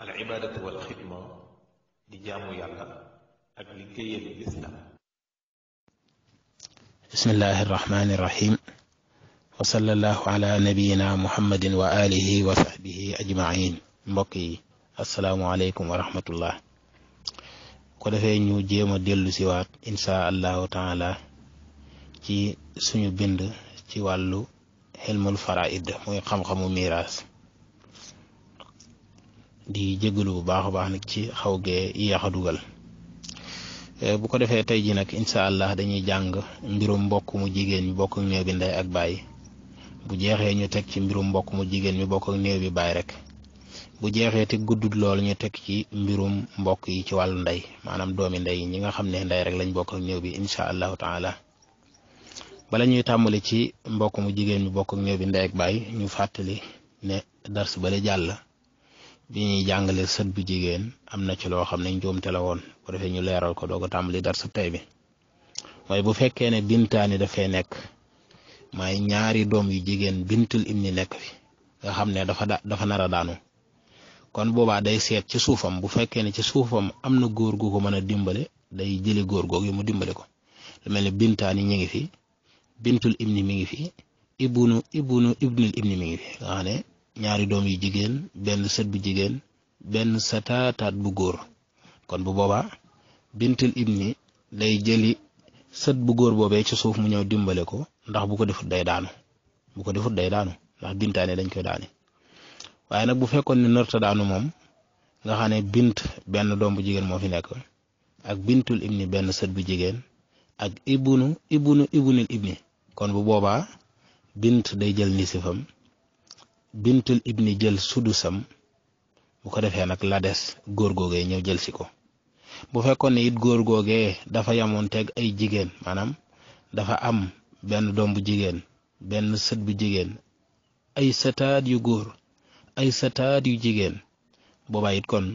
العبادة والخدمة لجام يلا أبلكي الإسلام بسم الله الرحمن الرحيم وصلى الله على نبينا محمد وآله وصحبه أجمعين مبكي السلام عليكم ورحمة الله كده في جيم ديال لسيوات إن شاء الله تعالى كي سنو بند كي والو علم الفرائد مو يقام قمو ميراث di jégalu bu baax a baax nag ci xaw gee yéex dugal e, bu ko defee tey jii nag incha allah dañuy jàng mbirum mbokk mu jigéen mi bokk ak néew bi ak baay bu jeexee ñu teg ci mbirum mbokk jigéen mi bokk ak néew bi baay rek bu jeexee te gudd lool ñu teg ci mbirum mbokk yi ci wàllu ndey maanaam doomi ndey ñi nga xam ne ndey rek lañ bokk ak néew bi incha allah taala bala ñuy tàmbali ci mbokk mu jigéen mi bokk ak néew bi ndey ak baay ñu fàttali ne dars bale jàll bi ñuy jàngale sët bu jigéen am na ci loo xam ne njuumte la woon bu defee ñu leeral ko doog a tàmbali dar sa tey bi mooy bu fekkee ne bintaani dafay nekk mooy ñaari doom yu jigéen bintul ibni nekk fi nga xam ne dafa nar a daanu kon boobaa day seet ci suufam bu fekkee ne ci suufam am na góor gu ko mën a dimbale day jëli góor googu yi mu dimbale ko lu mel ne bintaani ñi ngi fi bintul ibni mi ngi fi ibnu ibnu ibni mi ngi fi nga xam ne ñaari doom yu jigéen benn sët bu jigéen benn sataataat bu góor kon bu boobaa bintul ibni day jëli sët bu góor boobee ci suuf mu ñëw dimbale ko ndax bu ko defut day daanu bu ko defut day daanu ndax bintaane dañ koy daane waaye nag bu fekkoon ne narta daanu moom nga xam bint benn doom bu jigéen moo fi nekk ak bintul ibni benn sët bu jigéen ak ibnu ibunu ibnul ibni kon bu boobaa bint day jël nisifam bintul ibni jël sudusam bu ko defee nag la des góor googee ñëw jël si ko bu fekkoon ne it góor googee dafa yamoon teg ay jigéen maanaam dafa am benn doom bu jigéen benn sët bu jigéen ay sëtaat yu góor ay sëtaat yu jigéen boobaa kon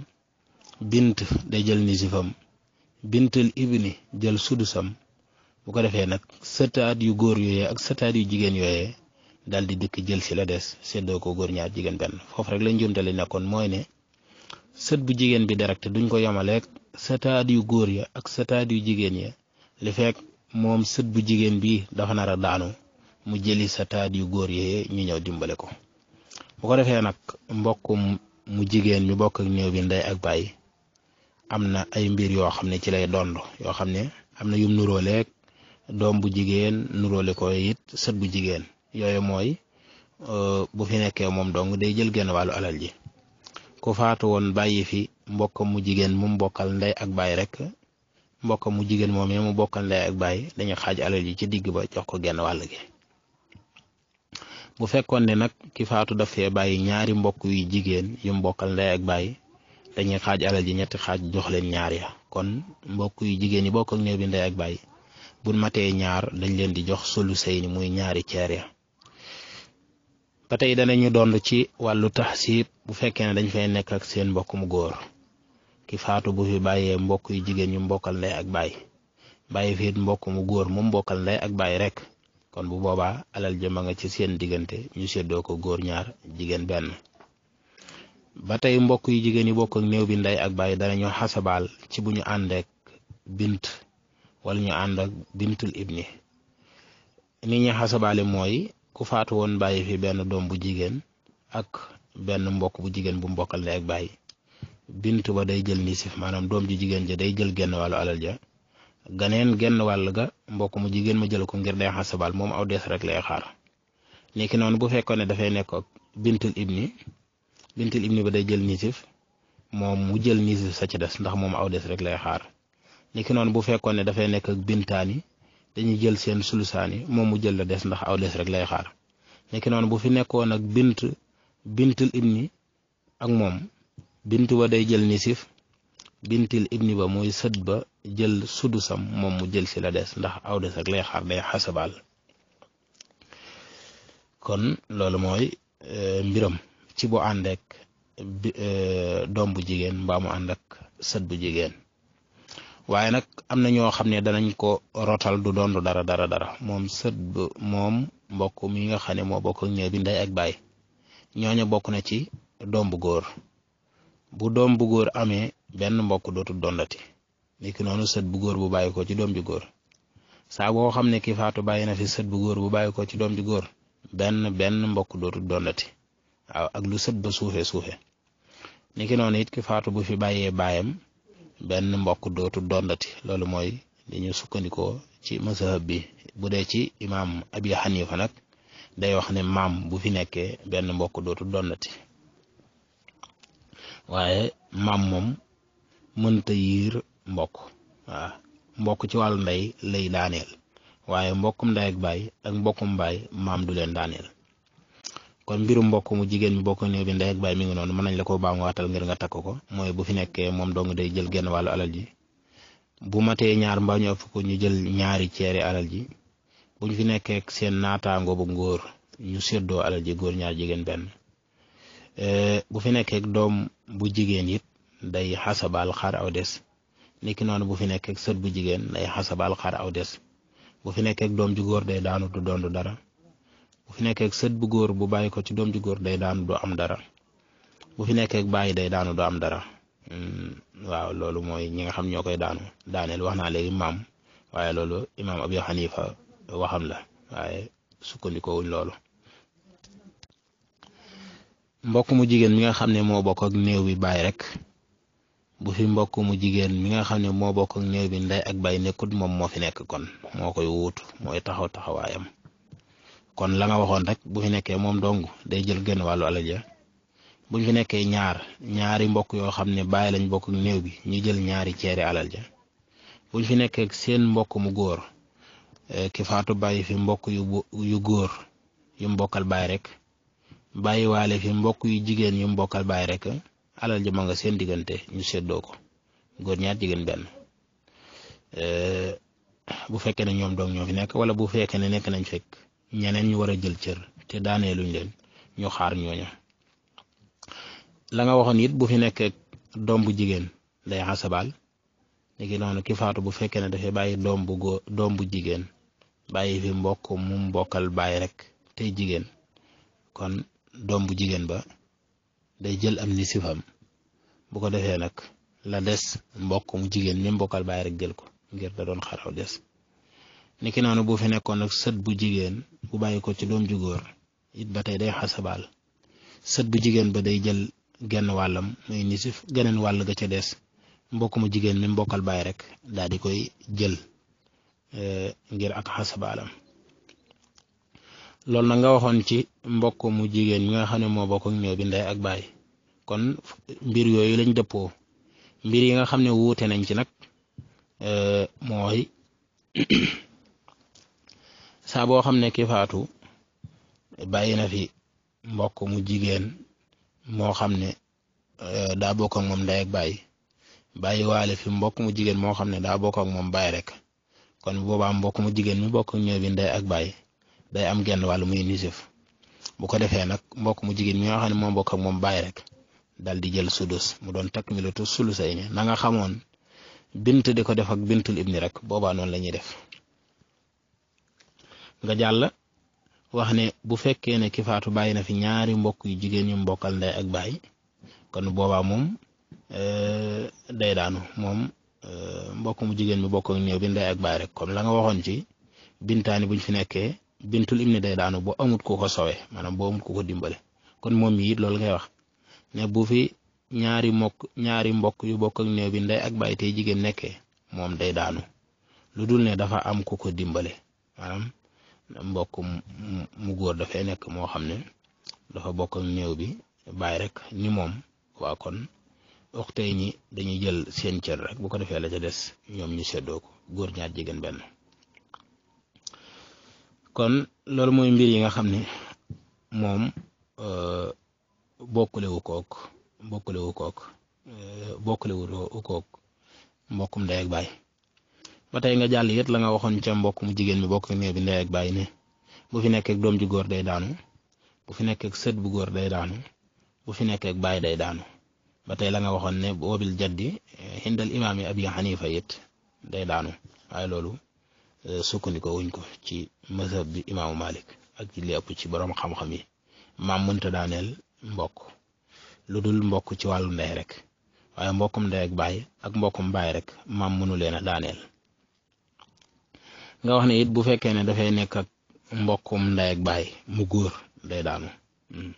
bint day jël nisifam bintul ibni jël sudusam bu ko defee nag sëtaat yu góor yooyee ak sëtaat yu jigéen yooyee daal di dikk jël si la des séddoo ko góor ñaar jigéen benn foofu rek lañ njuumte li nekkoon mooy ne sët bu jigéen bi direct duñ ko yemaleeg sëtaat yu góor ya ak sëtaat yu jigéen ya li fekk moom sët bu jigéen bi dafa nara a daanu mu jëli sëtaat yu góor yee ñu ñëw dimbale ko. bu ko defee nag mbokk mu jigéen mi mbokk ak néew bi ndey ak bàyyi am na ay mbir yoo xam ne ci lay dond yoo xam ne am na yum nuróoleeg doom bu jigéen nuróole ko it sët bu jigéen. yooyu mooy euh, bu fi nekkee moom dong day jël genn wàllu alal ji ku faatu woon bàyyi fi mbokk mu jigéen mu mbokkal ndey ak baay rek mbokk mu jigéen moom mu bokkal ak baay dañu xaaj alal ji ci digg ba jox ko genn wàll gi bu fekkoon ne nag ki faatu daf fee bàyyi ñaari mbokk yu jigéen yu mbokkal ndey ak baay dañuy xaaj alal ñetti xaaj jox leen ñaar ya kon mbokk yu jigéen yi bokk ak néew bi ndey ak baay bu matee ñaar dañ leen di jox solu sey ni muy ñaari ceer ya ba tey dana ñu dond ci wàllu taxsiib bu fekkee ne dañ fay nekk ak seen mbokk mu góor ki faatu bu fi bàyyee mbokk yu jigéen ñu mbokkal ndey ak baay bàyyi fi góor mu mbokkal ndey ak baay rek kon bu boobaa alal jëma nga ci seen diggante ñu séddoo ko góor ñaar jigéen benn. ba tey mbokk yu jigéen yi bokk ak néew bi ndey ak baay danañu xasabaal ci bu ñu àndeek bint wala ñu ànd ak bintul ibni ni ñu xasabaale mooy. ku faatu woon bàyyi fi benn doom bu jigéen ak benn mbokk bu jigéen bu mbokkal ne ak bàyyi bint ba day jël nisif maanaam doom ju jigéen ja day jël genn wàllu alal ja ganeen genn wàll ga mbokk mu jigéen ma jël ko ngir day xasabal moom aw des rek lay xaar léegi noonu bu fekkoon ne dafay nekk ak bintul ibni bintul day jël nisif moom mu jël nisif sa ci des ndax moom aw des rek lay xaar léegi noonu bu fekkoon ne dafay nekk ak bintaani dañuy jël seen sulusaan yi moom mu jël la des ndax aw des rek lay xaar nekki noonu bu fi nekkoon ak bint bintul ibni ak moom bint ba day jël nisif bintil ibni ba muy sët ba jël sudusam moom mu jël si la des ndax aw des rek lay xaar day xasabaal kon loolu mooy e, mbiram ci bu ànd ak e, doom bu jigéen mbaa mu ànd ak sët bu jigéen waaye nag am na ñoo xam ne danañ ko rotal du doon du dara dara dara moom sët b moom mbokk mi nga xam ne moo bokk ak ñëw bi nday ak bàyyi ñooña bokk na ci doom bu góor bu doom bu góor amee benn mbokk dootul dondati niki noonu sët bu góor bu bàyyi ko ci doom ju góor saa boo xam ne ki faatu bàyyi na fi sët bu góor bu bàyyi ko ci doom ju góor benn benn mbokk dootul dondati waaw ak lu sët ba suufee suufe niki noonu it ki faatu bu fi bàyyee bàyyam benn mbokk dootu dondati loolu mooy li ñu sukkandikoo ci mazhab bi bu dee ci imaam abi xanifa nag day wax ne maam bu fi nekkee benn mbokk dootu dondati waaye maam moom mënta yiir mbokk waaw mbokk ci wàllu ndey lay daaneel waaye mbokkum ndey ak baay ak mbokkum baay maam du leen daaneel kon mbirum mbokk mu jigéen mi mbokk néew bi ndey baay mi ngi noonu mën nañ la ko baamuwaatal ngir nga takk ko mooy bu fi nekkee moom dong day jël genn walo alal bu matee ñaar mbaa ñu ëpp ko ñu jël ñaari ceeri alal ji bu ñu fi nekkee seen naataango bu ngóor ñu séddoo alal ji góor ñaar jigéen benn e, bu fi nekkee doom bu jigéen it day xasabal xaar aw des niki noonu bu fi nekkee sët bu jigéen day xasabal xaar aw des bu fi nekkee doom ju góor day daanu du doon dara. bu fi nekkeek sët bu góor bu bàyyi ko ci doom ju góor day daanu du am dara bu fi nekkeek bàyyi day daanu du am dara hmm, waaw loolu mooy ñi nga xam ñoo koy daanu daaneel wax naa léegi maam waaye loolu imaam abu xanifa waxam la waaye sukkandikowuñ loolu mbokk mu jigéen mi nga xam ne moo bokk ak néew bi bàyyi rek bu fi mbokk mu jigéen mi nga xam ne moo bokk ak néew bi nday ak bay nekkut moom moo fi nekk kon moo koy wuut mooy taxaw taxawaayam kon la nga waxoon rek bu fi nekkee moom dong day jël gën wàllu alal ja buñ fi nekkee ñaar ñaari mbokk yoo xam ne bàyyi lañ bokk ak néew bi ñu jël ñaari ceeri alal ja bu fi nekkee seen mbokk mu góor eh, ki faatu bàyyi fi mbokk yu góor yu mbokkal bàyyi rek bàyyi waale fi mbokk yu jigéen yu mbokkal bàyyi rek alal ja ma nga seen diggante ñu séddoo ko góor ñaar jigéen benn eh, bu fekkee ne ñoom doom ñoo fi nekk wala bu fekkee ne nekk nañ fekk. ñeneen ñu war a jël cër te daanee luñ leen ñu xaar ñooña la nga waxoon it bu fi nekkee doom bu jigéen day xasabaal léegi noonu ki faatu bu fekkee ne dafay bàyyi doom bu góor doom bu jigéen bàyyi fi mbokk mbokkal bàyyi rek tey jigéen kon doom bu jigéen ba day jël am ni sifam bu ko defee nag la des mbokk mu jigéen mi mbokkal bàyyi rek jël ko ngir da doon xaraw des niki noonu bu fi nekkoon nag sët bu jigéen ku bàyyi ko ci doom ju góor it ba tey day xasabaal sët bi jigéen ba day jël genn wàllam muy ni si geneen wàll ga ca des mbokk mu jigéen ni mbokkal bàyyi rek daa di koy jël eh, ngir ak xasabaalam loolu nag nga waxoon ci mbokk mu jigéen ñi nga xam ne moo bokk ñëw bi nday ak bàyyi kon mbir yooyu lañ dëppoo mbir yi nga xam ne wuute nañ ci nag eh, mooy saa boo xam ne ki bàyyi na fi mbokk mu jigéen moo xam ne daa bokk ak moom ndey ak bàyyi bàyyi waale fi mbokk mu jigéen moo xam ne daa bokk moom bàyyi rek kon boobaa mbokk mu jigéen mi bokk ak ñoom bi ndey ak bàyyi day am genn wàll muy nisif bu ko defee nag mbokk mu jigéen mi nga xam ne moom bokk ak moom bàyyi rek dal di jël sudus mu doon takmilatu sulusayni na nga xamoon bint di ko def ak bintul ibni rek boobaa noonu la ñuy def. nga jàlla wax ne bu fekkee ne kifaatu bàyyi na fi ñaari mbokk yu jigéen yu mbokkal nday ak bàyyi kon boobaa moom euh, day daanu moom euh, mbokk mu jigéen mi bokk ak néew bi nday ak bàyyi rek comme la nga waxoon ci bintaani buñ fi nekkee bintul imni day daanu boo amut ku ko sowe maanaam boo amut ku ko dimbale kon moom yiit loolu ngay wax ne bu fi ñaari mokk ñaari mbokk yu bokk ak néew bi nday ak bàyyi tey jigéen nekkee moom day daanu lu dul ne dafa am ku ko dimbale maanaam mbokk mu góor dafay nekk moo xam ne dafa bokk ak néew bi bàyyi rek ni moom waa kon waxtey ñi dañuy jël seen cër rek bu ko defee la ca des ñoom ñu seddoo ko góor ñaar jigéen benn kon loolu mooy mbir yi nga xam ne moom euh, bokkulewu kook bokkulewu kook euh, bokkulewu kook mbokkum ndey ak baay ba tey nga jàll yit la nga waxoon ca mbokk mu jigéen mi bokk ne bi ndey ak bàyyi ne bu fi nekkeeg doom ju góor day daanu bu fi nekkeeg sët bu góor day daanu bu fi nekkeeg bàyyi day daanu ba tey la nga waxoon ne boobil jaddi xindal imaam yi abi xanifa it day daanu waaye loolu eh, sukkandiko wuñ ko ci mësëb bi imaamu malik ak ci li ëpp ci borom xam-xam yi maam mënta daaneel mbokk lu dul mbokk ci wàllu ndey rek waaye mbokkum ndey ak bàyyi ak mbokkum bàyyi rek maam mënu leen a daaneel nga wax ne it bu fekkee ne dafay nekk ak mbokkum ndey ak baay mu góor day daanu hmm.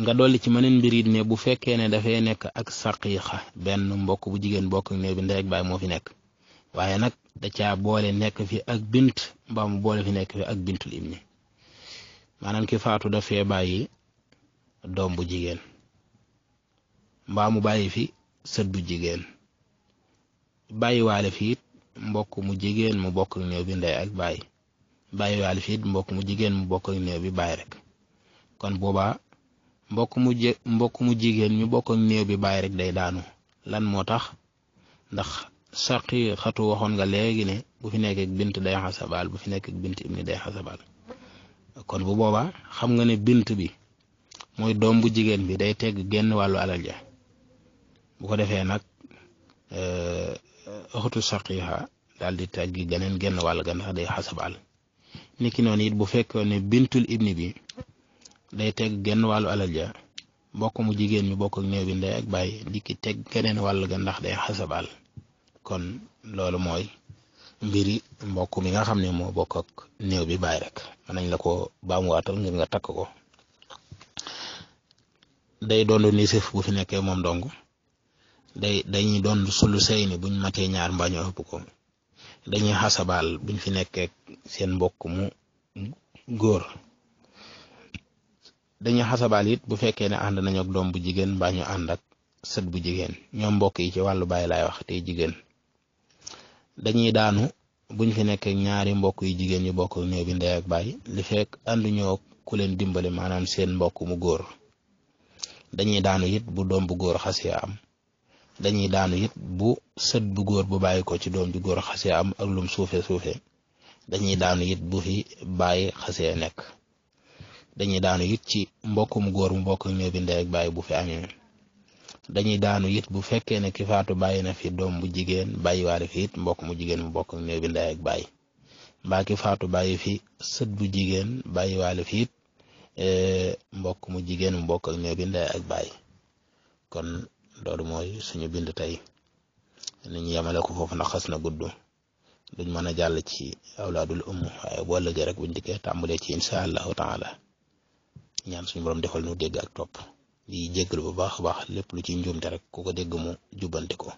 nga dolli ci mëneen mbir it ne bu fekkee ne dafay nekk ak saqiixa benn mbokk bu jigéen bokk ak néew bi ndey ak baay moo fi nekk waaye nag da caa boole nekk fi ak bint mbaa mu boole fi nekk fi ak bintul ibni maanaam ki faatu dafee bàyyi doom bu jigéen mbaa mu bàyyi fi sët bu jigéen bàyyiwaale fi it mbokk mu jigéen mu bokk ak néew bi ndey ak baay bàyyi waale fi it mu jigéen mu bokk ak néew bi baay rek kon boobaa mbokk mu jé mbokk mu jigéen mi bokk ak néew bi baay rek day daanu lan moo tax ndax saqi xatu waxoon nga léegi ne bu fi nekk bint day xasabaal bu fi nekk ak bint ibni day xasabaal kon bu boobaa xam nga ne bint bi mooy doom bu jigéen bi day teg genn wàllu alal ja bu ko defee nag euh, ëxatu saqiha daal di tàggi ganeen genn wàll ga ndax day xasab àll niki noonu bu fekkoon ne bintul ibni bi day teg genn wàllu alal ja mbokk mu jigéen mi bokk ak néew bi ndey ak bàyyi dikki teg geneen wàll ga ndax day xasab kon loolu mooy mbiri mbokk mi nga xam ne moo bokk ak néew bi bàyyi rek mën nañ la ko baamuwaatal ngir nga takk ko day doon nisif bu fi nekkee moom dong day dañuy doon sulu sëy ni buñ matee ñaar mbañoo ëpp ko dañuy xasabal buñ fi nekkee seen mbokk mu góor dañuy xasabal it bu fekkee ne ànd nañu ak doom bu jigéen mbaa ànd ak set bu jigéen ñoom mbokk yi ci wàllu bàyyi laay wax tey jigéen dañuy daanu buñ fi nekkee ñaari mbokk yu jigéen yu bokk néew bi ndey ak baay li fekk ànduñoo ku leen dimbali maanaam seen mbokk mu góor dañuy daanu it bu doom bu góor xasee am dañuy daanu it bu sët bu góor bu bàyyi ko ci doom ju góor xasee am ak lum suufe suufe dañuy daanu yit bu fi bàyyi xasee nekk dañuy daanu it ci mbokkum góor mu bokk ñoo bi ak bàyyi bu fi amee dañuy daanu yit bu fekkee ne ki faatu bàyyi na fi doom bu jigéen bàyyiwaale fi it mbokk mu jigéen mu bokk ak bàyyi mbaa faatu bàyyi fi sët bu jigéen bàyyiwaale fi it eh, mbokk mu jigéen mu bokk ak ñoo ak bàyyi kon loolu mooy suñu bind tey nit ñi yemale ko foofu ndax xas na gudd duñ mën a jàll ci awlaadul umm waaye boo ëllëgee rek buñ dikkee tàmbalee ci insha allahu taala ñaan suñu borom defal nu dégg ak topp di jéggal bu baax a baax lépp lu ci njuumte rek ku ko dégg mu jubbanti ko